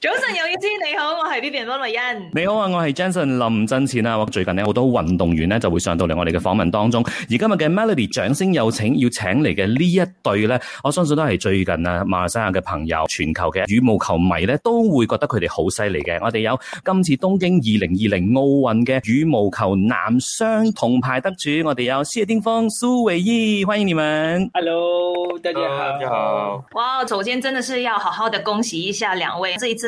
早晨，有一天，你好，我係 Vivian 方麗欣。你好啊，我是 Jenson 林振前啊。最近呢，好多運動員呢就會上到嚟我哋嘅訪問當中。而今日嘅 Melody 掌聲有請，要請嚟嘅呢一對呢，我相信都係最近啊馬來西亞嘅朋友，全球嘅羽毛球迷呢都會覺得佢哋好犀利嘅。我哋有今次東京二零二零奧運嘅羽毛球男雙銅牌得主，我哋有謝定峰蘇偉譯，歡迎你們。Hello，大家好，大家好。哇，首先真的是要好好的恭喜一下兩位，這一次。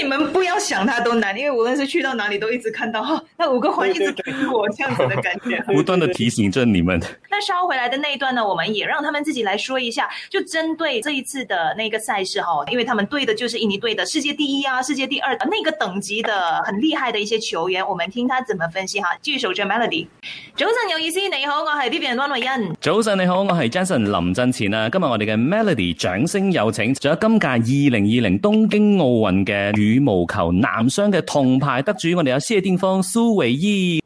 你們不要想他都難，因為無論是去到哪裡，都一直看到哈、哦，那五個環一直跟着我這樣子的感覺，不斷的提醒着你們。那稍後回來的那一段呢？我們也讓他們自己來說一下，就針對這一次的那個賽事哈，因為他們對的就是印尼隊的世界第一啊，世界第二那個等級的很厲害的一些球員，我們聽他怎麼分析哈。繼續守著 Melody 早晨，有意思，你好，我係 Bian Luan y n 早晨，你好，我是 Jason 林振前啊。今日我哋嘅 Melody 掌聲有請，仲有今屆二零二零東京奧運嘅。羽毛球男雙嘅銅牌得主，我哋有謝定峰、蘇偉譯。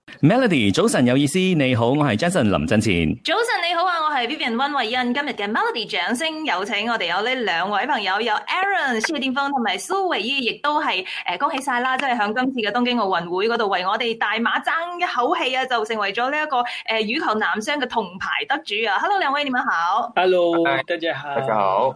Melody，早晨有意思，你好，我係 Jason 林振前。早晨你好啊，我係 Vivian 溫慧欣。今日嘅 Melody 掌聲有請，我哋有呢兩位朋友，有 Aaron 謝定峰同埋蘇偉譯，亦都係誒、呃、恭喜晒啦，即係響今次嘅東京奧運會嗰度為我哋大馬爭一口氣啊，就成為咗呢一個誒羽、呃、球男雙嘅銅牌得主啊！Hello，兩位點樣好？Hello，多謝吓，大家好。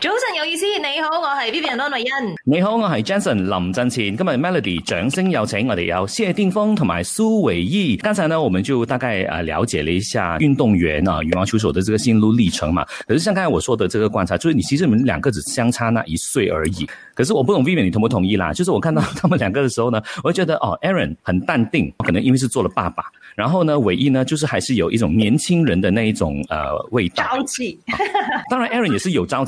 早晨有意思，你好，我是 Vivian 安麗欣。你好，我是 Jason 林振前。今日 Melody 掌聲有請，我哋有謝定峰同埋蘇偉譯。剛才呢，我們就大概、呃、了解了一下運動員啊、呃、羽毛球手的這個心路歷程嘛。可是像剛才我說的，這個觀察，就是你其實你們兩個只相差那一歲而已。可是我不懂 Vivian，你同不同意啦？就是我看到他們兩個的時候呢，我就覺得哦，Aaron 很淡定，可能因為是做了爸爸。然後呢，偉譯呢，就是還是有一種年輕人的那一種、呃、味道朝氣、哦。當然，Aaron 也是有朝